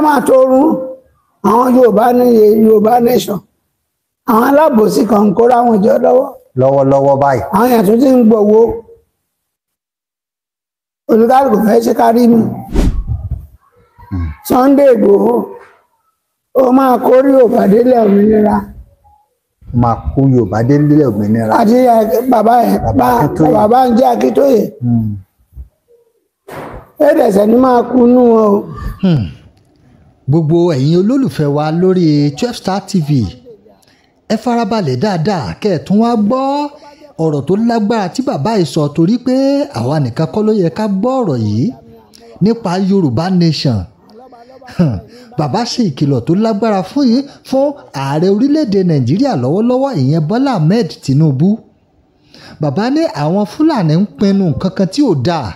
fẹ́ máa torun àwọn yorùbá ní yorùbá nation àwọn alábòsí kan ń kóra àwọn ìjọ lọ́wọ́. lọ́wọ́lọ́wọ́ báyìí. àwọn yàtọ̀ tí ń gbowó olùkálùkù fẹ́ ṣe kárí mi hmm. Sunday Ìgbòho ó máa kórí Yorùbá délé òmìnira. máa kó Yorùbá délé òmìnira. àti bàbá yẹn bàbá ń jẹ́ Akíntóyè. Hmm. ẹ̀ẹ́dẹ̀sẹ̀ ni máa kú nú wọn o. Hmm gbogbo ẹ̀yin olólùfẹ́ wa lórí twelve star tv ẹ farabalẹ̀ dáadáa kẹ́ ẹ̀ tún wá gbọ́ ọ̀rọ̀ tó lágbára tí bàbá yìí sọ torí pé àwa nìkan kọ́ ló yẹ ká gbọ́ ọ̀rọ̀ yìí nípa yorùbá nation bàbá ṣe ìkìlọ̀ tó lágbára fún yìí fún ààrẹ orílẹ̀-èdè nàìjíríà lọ́wọ́lọ́wọ́ ìyẹn bọ́lá ahmed tinubu bàbá ní àwọn fúlàní ń pinnu nǹkan kan tí ò dáa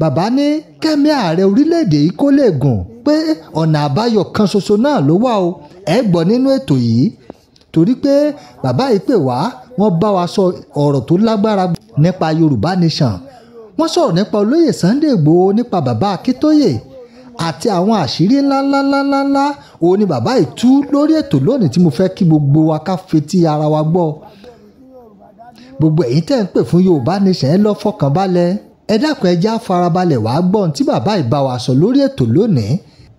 bàbá ní kẹ́mi ààrẹ orílẹ̀-èdè yìí kó lè gùn pé ọ̀nà àbáyọ kan ṣoṣo náà ló wà o ẹ gbọ́ nínú ètò yìí torí pé bàbá yìí pè wá wọ́n bá wa sọ ọ̀rọ̀ tó lágbára nípa Yorùbá nation wọ́n sọ̀rọ̀ nípa olóyè Sunday Igboho nípa bàbá Akíntóyè àti àwọn àṣírí ńláńláńláńlá òun ni bàbá yìí tú lórí ètò lónìí tí mo fẹ́ kí gbogbo wa ká fetí ara wa gbọ́ gbogbo ẹ̀yin tẹ́ ń pè fún Yorùbá nation ẹ lọ fọkàn balẹ̀ ẹ dákun ẹ já farabalẹ̀ wàá gbọ́n tí bàbá yìí bá wa sọ lórí ètò lónìí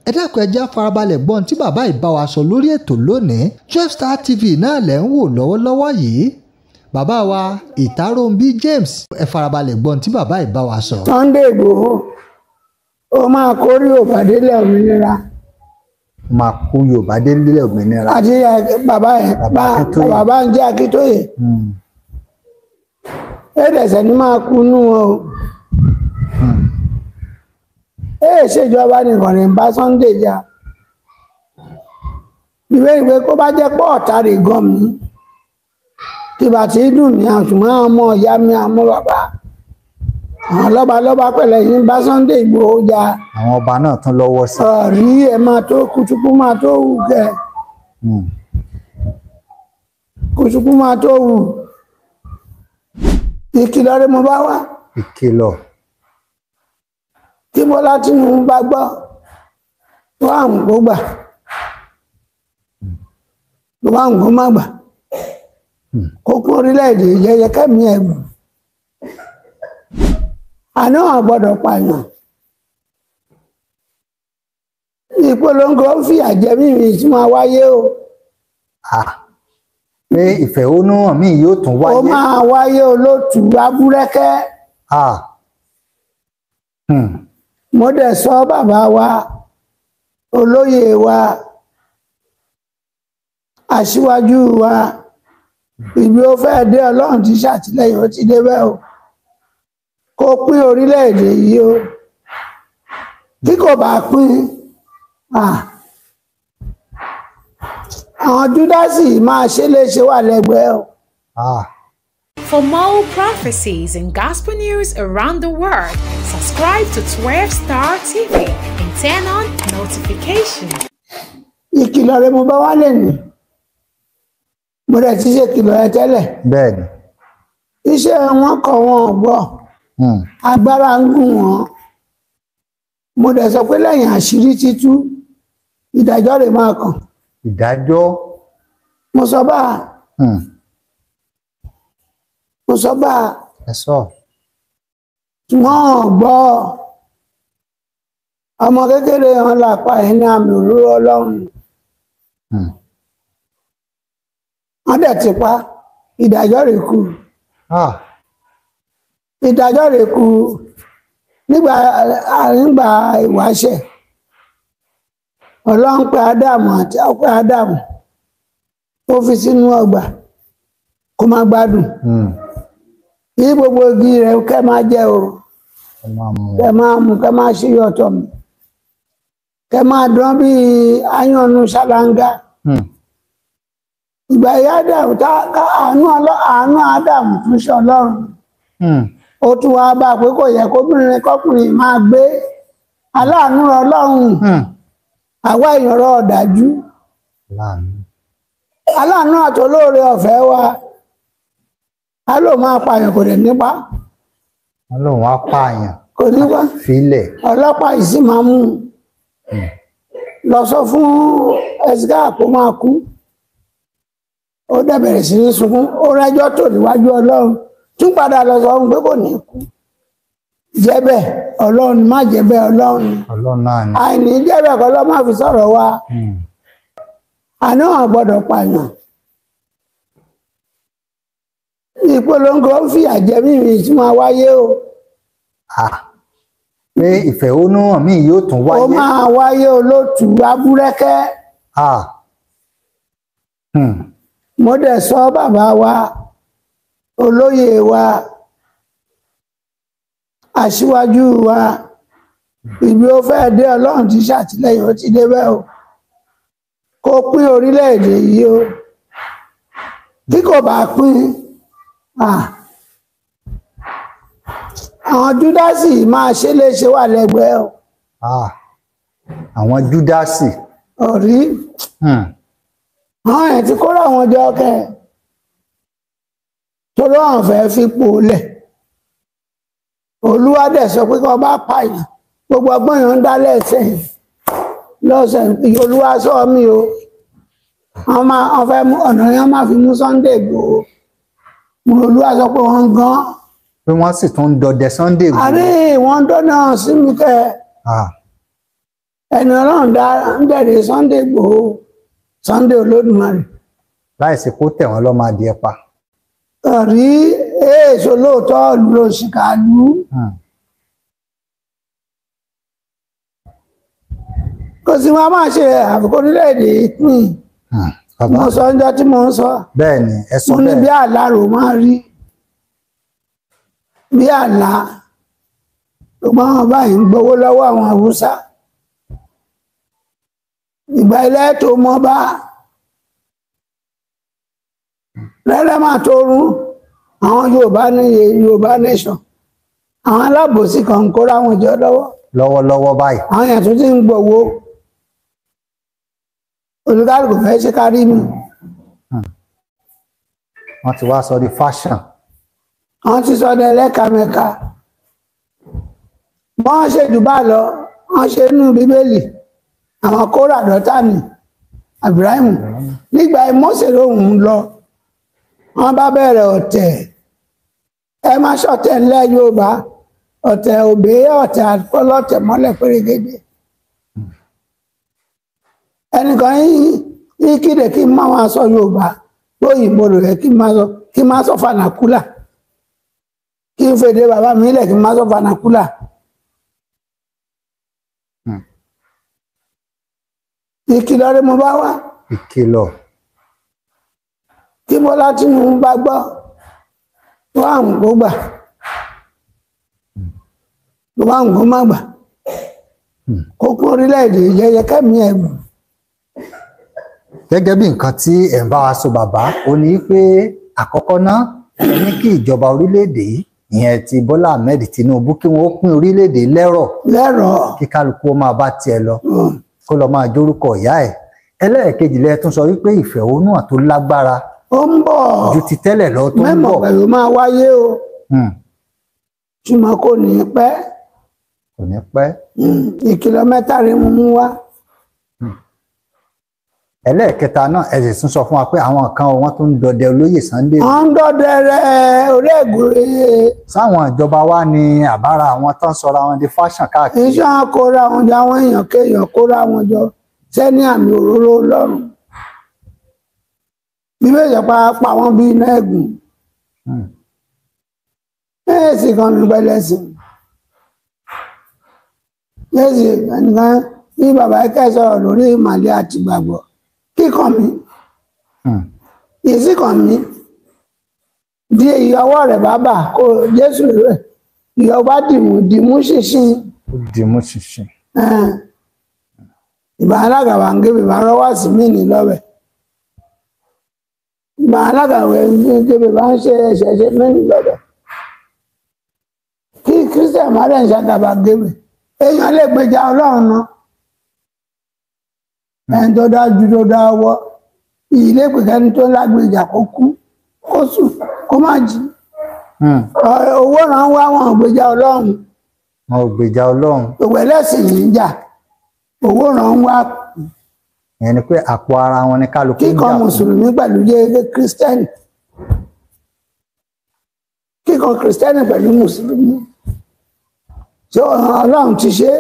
ẹ dákun ẹ já farabalẹ̀ gbọ́n tí bàbá ìbá wa sọ lórí ètò lónìí Chefstar TV náà lẹ̀ ń wò lọ́wọ́lọ́wọ́ yìí bàbá wa ìtàrọ̀ǹbí James ẹ farabalẹ̀ gbọ́n tí bàbá ìbá wa sọ. Sunday Igboho o máa kórí òbàdélé òmìnira. máa kó Yorùbá délé òmìnira. àti bàbá yẹn bàbá ń jẹ́ Akíntóyè. ẹ̀ẹ́dẹ̀sẹ̀ ni máa kú nú wọn èè ṣèjọba nìkan rẹ̀ ń bá Sunday jà ìwé ìwé kó bá jẹ́ pọ̀ ọ̀tá rè gan mi tìbà tí dùn mí àṣùmọ́ ọmọ ìyá mi àmọ́ bàbá àwọn lọ́ba lọ́ba pẹ̀lẹ́ yìí ń bá Sunday Igboho jà. àwọn ọba náà tún lọ́wọ́ sí. ọ̀rí ẹ̀ máa tó kutukú máa tó wù kẹ́ hmm. kutukú máa tó wù ìkìlọ̀ rẹ mo bá wá. ìkìlọ̀ tí Bọ́lá Tinubu bá gbọ́ wàm kó gbà wàm kó má gbà kókó orílẹ̀-èdè yẹyẹ kẹ́mi ẹ̀ gùn àná àgbọ̀dọ̀ pààyàn ìpolongo ń fi àjẹmí mi tí máa wáyé o. pé ìfẹ̀hónúhàn mi yóò tún wáyé. ó máa wáyé olótùú abúrẹ́kẹ́. Hmm mo dẹ̀ sọ bàbá wa olóyè wa aṣíwájú wa ìbí ó fẹ́ dé ọlọ́run ti ṣàtìlẹ́yìn ó ti débẹ̀ o kó pín orílẹ̀-èdè yìí o bí kò bá pín àwọn júdásì máa ṣe léṣe wà lẹ́gbẹ̀ẹ́ o. Ah. For more prophecies and gospel news around the world, subscribe to 12 Star TV and turn on notifications. Ìkìlọ̀ rẹ̀ mo bá wá lẹ́nu. Mo rẹ̀ ti ṣe ìkìlọ̀ rẹ̀ tẹ́lẹ̀. Bẹ́ẹ̀ni. Iṣẹ́ wọn kọ̀ wọn ò gbọ́. Hmm. Agbára ń gùn wọn. Mo dẹ̀ sọ pé lẹ́yìn àṣírí títú, ìdájọ́ rẹ̀ máa kàn. Ìdájọ́. Mo sọ báà. Hmm mo sọ bá wọn gbọ́ ọmọ kékeré wọn làpá ẹ̀ ní àmì òróró ọlọ́run hmm. wọ́n dẹ̀ ti pa ìdájọ́ rẹ̀ kú ah. ìdájọ́ rẹ̀ kú nígbà nígbà ìwáṣẹ̀ ọlọ́run pé ádámù àti ọpẹ́ ádámù ó fi sínú ọgbà kó má gbádùn. Mm kí gbogbo igi rẹ̀ kẹ́ máa jẹ o kẹ́ máa mú kẹ́ máa ṣe yọ̀tọ̀ mi kẹ́ máa dán bí ayọ̀nù ṣàlàngà hmm. ìgbà yìí ádámù tá àánú ádámù tún ṣe ọlọ́run hmm. ó tún wá bá a pé kò yẹ kóbìnrin kọkùnrin máa gbé aláàánú ọlọ́run hmm. àwa èèyàn rọ̀ ọ̀dájú aláàánú àtolóore ọ̀fẹ́ wa. Hmm a lóun máa pààyàn kò dẹ̀ nípa. a lóun á pààyàn. kò nípa. filẹ̀. ọlọ́pàá yìí sì máa mú un. Hmm. lọ sọ fún ẹsíkà kó máa kú. ó dẹ̀ bẹ̀rẹ̀ sí ní sunkún ó rẹ́jọ́ tó níwájú ọlọ́run tún padà lọ sọ fún pé kò ní kú. jẹ́bẹ̀ ọlọ́run má jẹ́bẹ̀ ọlọ́run. ọlọ́run náà ni. àìní jẹ́bẹ̀ kọ́ lọ́ máa fi sọ̀rọ̀ wa. Hmm. àná àgbọ̀dọ̀ pààyàn ìpolongo ń fi àjẹmí mi tí máa wáyé o. pé ìfẹ̀hónúhàn mi yóò tún wáyé. ó máa wáyé olótùú abúrẹ́kẹ́. Hmm. mo dẹ̀ sọ bàbá wa olóyè wa aṣíwájú wa ìgbé ó fẹ́ dé ọlọ́run ti ṣàtìlẹ́yìn ó ti débẹ̀ o kó pín orílẹ̀-èdè yìí o bí kò bá pín. Ah. àwọn júdásì máa ṣe léṣe wà lẹ́gbẹ̀ẹ́ o. Ah. àwọn júdásì. ọ̀rí hmm. àwọn ẹ̀ ti kóra àwọn jọ kẹ́ ẹ̀ tó lọ́wọ́n fẹ́ fipò lẹ̀ olúwa dẹ̀ sọ pé kí wọ́n bá pààyàn gbogbo ọgbọ́n yẹn ń dá lẹ́sẹ̀ lọ́sẹ̀ olúwa sọ mí o wọ́n fẹ́ mú ọ̀nà yẹn má fi mú Sunday Igboho olúwa sọ pé wọ́n ń gan. pé wọ́n sì tún ń dọdẹ Sunday. àrí wọ́n dọ́nà sí mi kẹ́ ẹni ọlọ́run dá ń dẹ̀rẹ̀ Sunday Igboho Sunday Olódùmarè. láìsí kó tẹ̀ wọ́n lọ́mọ adìẹ pa. rí èso lóòótọ́ lu òṣìkàlù. Hmm. kò sí wọn a máa ṣe àfikún orílẹ̀-èdè pín mo sọ ọjọ́ tí mo ń sọ bẹ́ẹ̀ ni ẹ sọ bẹ́ẹ̀ mo ní bí àlárò máa rí bí àlá ṣùgbọ́n wọn báyìí ń gbowó lọ́wọ́ àwọn haúsá ìgbà ilẹ̀ tó mọ́ bá lẹ́lẹ́ máa tó rún àwọn yorùbá ní yorùbá nation àwọn alábòsí kan ń kóra wọn jọ lọ́wọ́ lọ́wọ́lọ́wọ́ báyìí àwọn yẹn ń gbowó olùkálùkù fẹ́ ṣe kárí mi. Hmm. wọ́n ti wá sọ di fashion. wọ́n ti sọ di ẹlẹ́kàmẹ́ka wọ́n ṣe dùbà lọ wọ́n ṣe nínú bíbélì àwọn kóra dọ́tà ni Abraham nígbà Mósè lòun lọ wọ́n bá bẹ̀rẹ̀ ọ̀tẹ̀ ẹ má ṣọ̀tẹ̀ ńlẹ̀ Yorùbá ọ̀tẹ̀ òbí ọ̀tẹ̀ àkọlọ́tẹ̀ mọ́lẹ̀ pérégedé ẹnìkan ní kéde kí má wọn sọ yorùbá lóyìnbó rẹ kí má kí sọ fanakula kí n fèdè bàbá mi kí sọ fanakula. Hmm. ìkìlọ̀ rẹ mo bá wá. ìkìlọ̀. Tinubu bá gbọ́ wọ́n àwọn kò gbà àwọn hmm. kò má gbà hmm. orílẹ̀-èdè gẹ́gẹ́ bí nǹkan tí ẹ̀ ń bá wa sọ bàbá ó ní pé àkọ́kọ́ náà ní kí ìjọba orílẹ̀-èdè yìí ìyẹn ti Bọ́lá Ahmed Tinubu kí wọ́n pín orílẹ̀-èdè lẹ́rọ̀ lẹ́rọ̀ kí kálukú máa bá tiẹ̀ lọ kó lọ́ọ́ máa jórúkọ ìyá ẹ̀ ẹlẹ́ẹ̀kejì lẹ́ẹ̀ tún sọ wípé ìfẹ̀hónúhàn tó lágbára ó ń bọ̀ ju ti tẹ́lẹ̀ lọ tó ń bọ̀ mẹ́mọ̀ pẹ̀lú máa wáyé o ṣùgbọ́n hmm. kò ní pẹ́ kò ní pẹ́ hmm. ìkìlọ̀ rẹ̀ mú wá ẹlẹ́ẹ̀kẹta náà ẹ sì tún sọ fún wa pé àwọn kan wọn tó ń dọdẹ olóyè Sunday. wọ́n ń dọdẹ rẹ orí ẹ̀gúrẹ́. sáwọn ìjọba wa ni àbára àwọn tán sọra wọn di fashion káàkiri. iṣẹ́ wọn kóra wọn jọ àwọn èèyàn kéèyàn kóra wọn jọ sẹ́ni àmì òróró lọ́rùn. bíbẹ́ ìjọba pa wọ́n bí iná ẹ̀gùn. ẹ̀ẹ́sì hmm. kan ní pẹ́lẹ́sì. ẹ̀ẹ́sì kan ní bàbá kẹsàn-án lórí ìmàlẹ́ àtìgbàgbọ́ sí kàn mí hmm. yìí sí kàn mí di ìyọwọ́ rẹ̀ bàbá kó jésù rẹ̀ ìyọ bá dìmú dìmú ṣinṣin. dìmú ṣinṣin. ìbá alágàwà ń gé bèbá rọwà sí mí ní lọ́wẹ̀ ìbá alágàwà ń gé bèbá ń ṣe ẹ̀ṣẹ̀ ṣe mí ní lọ́wẹ̀ kí kristian marian ṣàtàbà gébè èèyàn lè gbèjà ọlọ́run náà. Hmm. ẹni tó dájú tó dáwọ́ ilé ìpèkẹ́ni tó lágbèjà kó kú kó sùn kó má jí hmm. owó náà wá wọn ògbèjà ọlọ́run wọn ògbèjà ọlọ́run òwe lẹ́sìn yìí ń jà owó náà ń wá ìyẹn ni pé àpò ara wọn ni kálukú ń jà kíkọ mùsùlùmí pẹ̀lú yéé kírísítẹ́nì kíkọ kìrìsìtẹ́nì pẹ̀lú mùsùlùmí tí ọlọ́run ti ṣe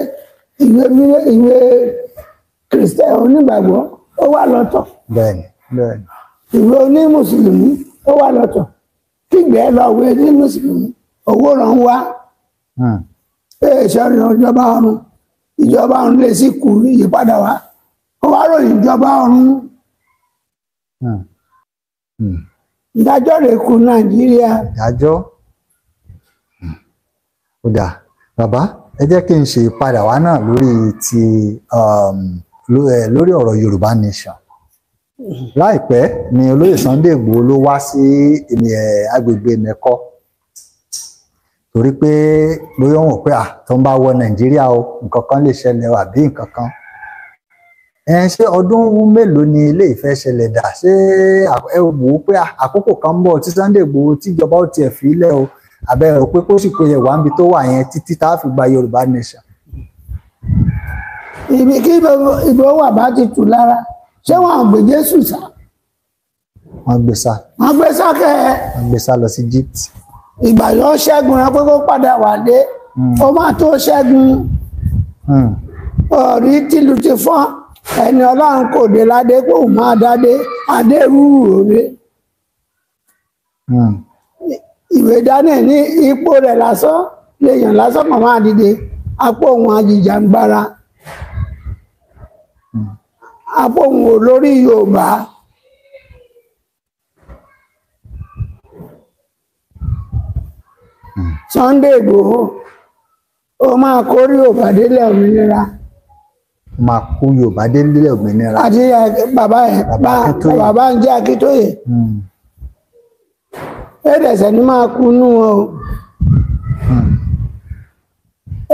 ìwé ìwé Kristẹ onígbàgbọ́ ó wà lọ́tọ̀. Bẹ́ẹ̀ni bẹ́ẹ̀ni. Ìwé oní Mùsùlùmí ó wà lọ́tọ̀. Kígbẹ́ lọ wé ní Mùsùlùmí owó ràn wá. Ee hmm. sọ́ni ìjọba ọ̀run ìjọba ọ̀run lè sí kù ìyípadà wá. Ó wá ròyìn ìjọba ọ̀run. Hmm. Hmm. Ìdájọ́ rẹ̀ kù Nàìjíríà. Ìdájọ́ ó dáa bàbá ẹ jẹ́ kí n ṣe ìpadà wá náà lórí ti. Um, lórí ọ̀rọ̀ Yorùbá Nation láìpẹ́ ni olóyè Sunday Igboho ló wá sí agbègbè mẹ́kọ torí pé bóyá wọn pé à ń bá wọ Nàìjíríà o nǹkan kan lè ṣẹlẹ̀ àbí nǹkan kan ẹ ọdún mélòó ni ilé ìfẹ́ ṣẹlẹ̀ dà ṣé ẹ wò ó pé àkókò kan ń bọ̀ tí Sunday Igboho tíjọba ó tiẹ̀ fi í lẹ̀ o àbẹ̀rẹ̀ pé kó sì pé ẹ̀wà níbi tó wà yẹn títí tá a fi gba Yorùbá Nation ibi kí ìbò wà bá ti tù lára ṣé wọn gbé Jésù sá. wọn gbé sá. wọn gbé sá kẹ. wọn gbé sá lọ sí Egypt. ìgbà yóò ṣẹ́gun rẹ pé kó padà wà dé hmm. ó máa tó ṣẹ́gun ọ̀rí hmm. tìlù ti fọ́n ẹni Ọlọ́run kò dé ládé kó máa dádé adé rúrú òde. Hmm. ìwé Daniel ní ipò rẹ̀ lásán lèèyàn lásán kàn máa dìde apò òun àjìjàngbara apóhùn olórí Yorùbá. Sunday Ìgbòho ó máa kórí Yorùbá délé òmìnira. máa kó Yorùbá délé òmìnira. àti bàbá ẹ bàbá Bánjí Akíntóyè hmm. ẹ̀ẹ́dẹ̀sẹ̀ ni máa kú nú wọn o hmm.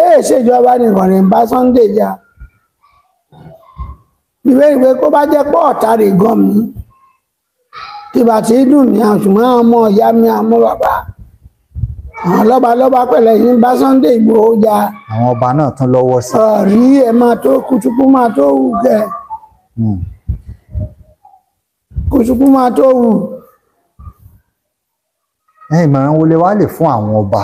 ẹ ṣèjọba nìkan ní bá Sunday jà. Ja ìwé ìwé kó bá jẹ́ pọ̀ ọ̀tàrí gan mi tìbà tí dùn ní àṣùmọ́ ọmọ ìyá mi àmọ́ bàbá àwọn lọ́ba lọ́ba pẹ̀lẹ́ yìí ń bá Sunday Ìgbòho jà. àwọn ọba náà tún lọ́wọ́ sí. ọ̀rí ẹ̀ máa tó kùtùkù máa tó wù kẹ́ hmm. kùtùkù máa tó wù. ìmọ̀ràn wo lè wá lè fún àwọn ọba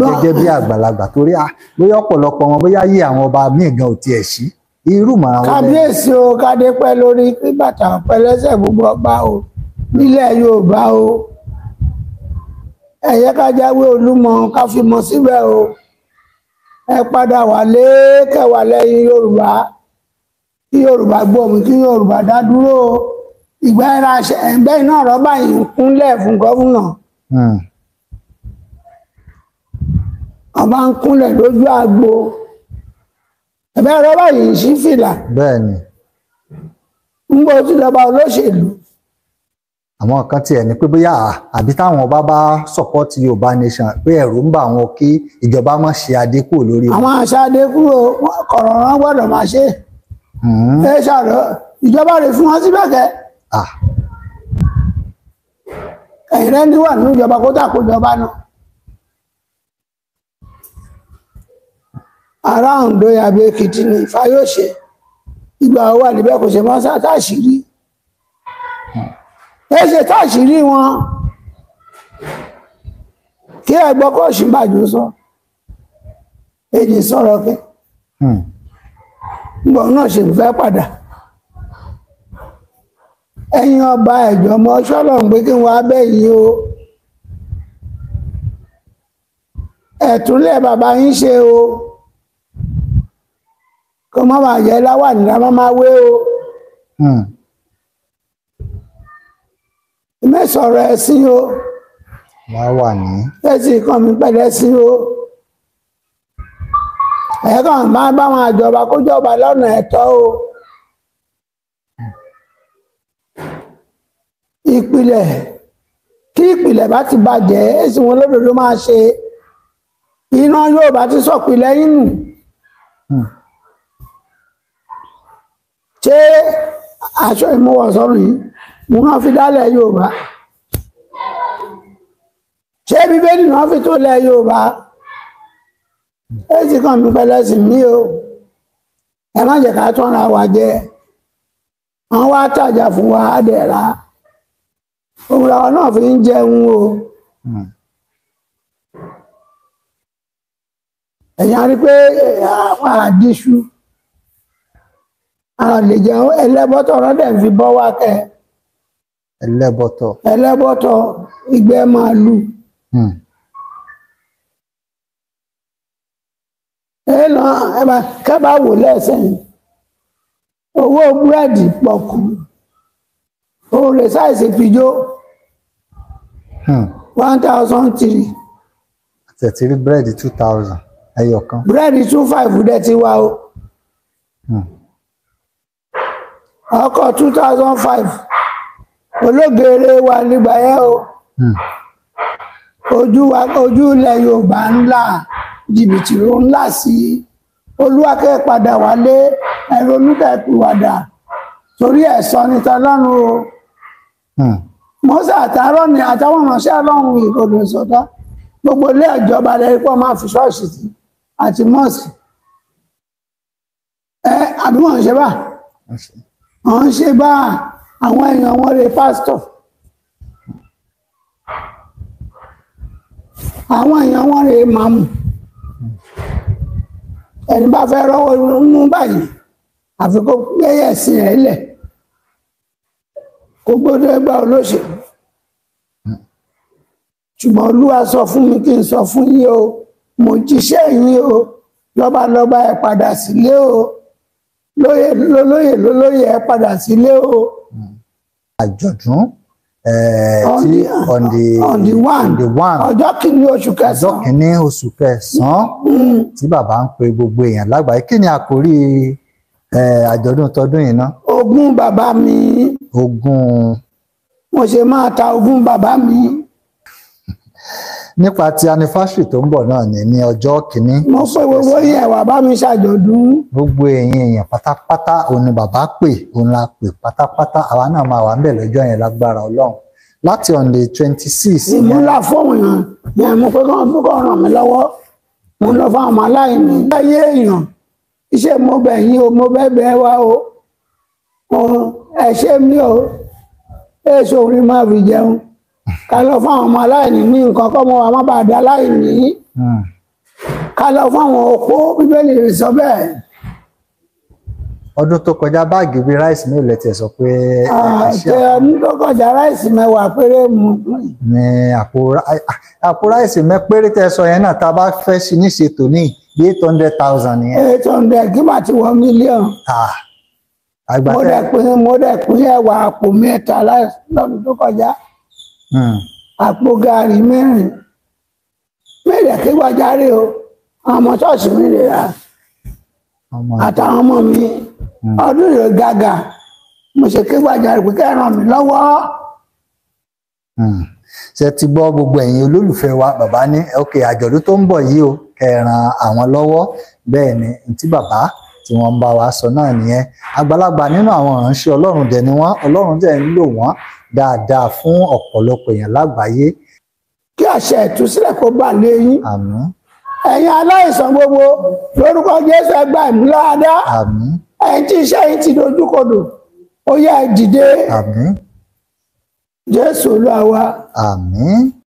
gẹ́gẹ́ bí àgbàlagbà torí bóyá ọ̀pọ̀lọpọ̀ wọn bóyá yé àwọn ọba míì gan ò tiẹ̀ sí irú màá wọlé. kábíyèsí o kádé pẹ́ lórí kí bàtà pẹ́ lẹ́sẹ̀ gbogbo ọba o nílẹ̀ yorùbá o ẹ̀yẹ́ ká jáwé olúmọ ká fi mọ síbẹ̀ o ẹ padà wálé kẹwàá lẹ́yìn yorùbá kí yorùbá gbọ́ mi kí yorùbá dá dúró o ìgbà ẹ̀rọ àṣẹ ẹ̀gbẹ́ iná rọ́bà yìí kúnlẹ̀ fún gómìnà hmm. ọba ń kúnlẹ̀ lójú àgbo ẹ̀bẹ̀ ẹ̀rọ báyìí sí fìlà. bẹ́ẹ̀ni. ń gbọ́ sí ìjọba olóṣèlú. àwọn kan tiẹ̀ ní pé bóyá àbí táwọn bá bá sọ́pọ́tì yorùbá nation pé ẹ̀rù ń bà wọn kí ìjọba má ṣe adékù lórí. àwọn àṣà adékù kọ̀rọ̀ wọn gbọ́dọ̀ máa ṣe. Hmm. ẹ ṣàrọ ìjọba rẹ̀ fún wọn síbẹ̀ kẹ́. ẹ̀yìn rẹ̀ nínú ìjọba kó tà kó ìjọba náà. ará Oǹdó yàgbé kìtì ní Fáyọ̀ṣe ìgbà wà níbẹ̀ kò ṣe máa sá táṣìírí ẹ ṣe táṣìírí wọn kí ẹ gbọ́ kó Ọ̀ṣínbàjò sọ èdè sọ̀rọ̀ pé ńgbọ̀ hmm. náà ṣe fẹ́ padà ẹ̀yin ọba ẹ̀jọ̀ ọmọ ṣọ́lọ̀ ń pé kí wọ́n abẹ́ yìí o ẹ̀túnlẹ̀ bàbá yín ṣe o má máa yẹ láwà ní a máa wé o mẹ́sọ̀rọ̀ hmm. ẹ̀sìn o láwà ní ẹ̀sìn kan mi pẹ̀lú ẹ̀sìn o ẹ̀kan máa bá wọn àjọba kó jọba lọ́nà ẹ̀tọ́ o ìpìlẹ̀ kí ìpìlẹ̀ bá ti bàjẹ́ èsì wọn lódodo máa ṣe iná yóò bá ti sọ̀pìlẹ̀ yín nù. Hmm. ṣé aṣọ ìmúwọ̀ yìí mo máa fi dálẹ̀ Yorùbá ṣé bíbélì náà fi tó lẹ̀ Yorùbá èsì kan mi pẹlẹsì mí o ẹ má jẹ́ ká tún ara wa jẹ wọn wá tàjà fún wa á dẹ̀ náà fi ń jẹun o eh, àlejò ẹlẹ́bọ̀tọ̀ rọ́dẹ̀ fi bọ́ wá kẹ́ ẹlẹ́bọ̀tọ̀ ẹlẹ́bọ̀tọ̀ ìgbẹ́ máa lù ẹnà ẹ̀bà kẹ́bà wò lẹ́sẹ̀ owó búrẹ́dì pọ̀kù òun rẹ̀ sáìsì fìjó hmm. one thousand three àtẹ̀tìrí búrẹ́dì two thousand ẹyọ kan búrẹ́dì two five dẹ̀ ti wá o. Hmm ọkọ̀ two thousand five olóògbére wa nígbà yẹn o hmm. ojú wa ojú ilẹ̀ Yorùbá ńlá jìbìtì ló ńlá sí olúwakẹ́ padà wálé ẹ̀rọ olùkẹ́pìwàdà torí ẹ̀sán ní tọ́lọ́run o mọ́sẹ̀ hmm. àtàárọ̀ ni àtàwọn ìránṣẹ́ ọlọ́run ìkọlù ìsọ̀tọ́ gbogbo ilé ìjọba lẹ́yìn pọ̀ máa fi ṣọ́ọ̀ṣì sí àti mọ́ọ̀sì ẹ àbí wọ́n ń ṣe báà à ń ṣe bá àwọn èèyàn wọn rè pásítọ̀ àwọn èèyàn wọn rè màmù ẹni bá fẹ́ rọ́wọ́ inú báyìí àfi kó gbẹ́yẹ̀ sí ẹ̀ lẹ̀ kó gbọ́dọ̀ ẹgbà olóṣèlú ṣùgbọ́n olúwa sọ fún mi kí n sọ fún yín o mo jíṣẹ́ yín o lọ́balọ́ba ẹ padà sílé o lóyè lólóyè lólóyè ẹ padà sílé o. àjọ̀dún tí on the on the one ọjọ́ kìíní oṣù kẹsàn-án ọjọ́ kìíní oṣù kẹsàn-án hmm. tí bàbá ń pe gbogbo èèyàn lágbàáyé kí ni àkórí àjọ̀dún tọdún yìí ná. ogún bàbá mi. ogún. mo ṣe máa ta ogún bàbá mi nípa ti anifásitì tó ń bọ̀ náà ni ní ọjọ́ kìíní. mo pè gbogbo yín ẹ wá bá mi ṣàjọ̀dún. gbogbo èèyàn èèyàn pátápátá òun ni bàbá pè òun la pè pátápátá àwa náà máa wà ń lọ́jọ́ yẹn lágbára ọlọ́run láti on twenty six. ìlú la fóun yàn yẹn mo pé kàn fún kàn ràn mí lọ́wọ́ mo lọ fún àwọn aláìní. ayé èèyàn iṣẹ́ mo bẹ̀ yín o mo bẹ̀ bẹ̀ wá o ẹ ṣe mí o èso orin máa fi jẹun ká lọ fún àwọn ọmọ aláìní ní nǹkan kọ́ mọ́ wa má bàa da aláìní hmm. ká lọ fún àwọn opó bíbélì rẹ̀ sọ bẹ́ẹ̀. ọdún tó kọjá báàgì bíi ráìsì mi ò lẹ́tẹ̀ sọ pé. àti eh, ọdún tó kọjá ráìsì mẹ́wàá péré mu. ní àpò ráìsì ah, mẹ́ péré tẹ́ sọ yẹn náà tá a bá fẹ́ sí ní ṣètò ní eight hundred thousand yẹn. eight hundred kí ti wọ mílíọ̀nù ah, mo dẹ̀ pín mo dẹ̀ pín ẹ̀wà àpò mẹ́ta lọ́dún tó kọjá. Hmm. àpò gààrí mẹ́rin mẹ́rin àkégbàjáre o ọmọ ṣọ́ọ̀ṣì mi lè ra àtàwọn ọmọ mi hmm. ọdún ìrò gàgà mo ṣe kégbàjáre pé kẹ́ràn mi lọ́wọ́. Hmm. ṣe ti gbọ́ gbogbo ẹ̀yin olólùfẹ́ wa bàbá ní òkè àjọ̀dún tó ń bọ̀ yìí o kẹ́ràn àwọn lọ́wọ́ bẹ́ẹ̀ ni ntí bàbá tí wọ́n bá wa sọ náà nìyẹn àgbàlagbà nínú àwọn ìránṣẹ́ ọlọ́run dẹ̀ ni wọ́n ọlọ́run dẹ̀ ń lò wọ́n dáadáa fún ọ̀pọ̀lọpọ̀ èèyàn lágbàáyé. kí àṣẹ ìtúsílẹ̀ kó bà lé yín. àmín. ẹ̀yin aláìsàn gbogbo lórúkọ jésù ẹ gba ìmúláradá. àmín. ẹ̀yin tí iṣẹ́ yín ti dojúkodò ó yá ẹ dìde. àmín. jésù olúwa wa. àmín.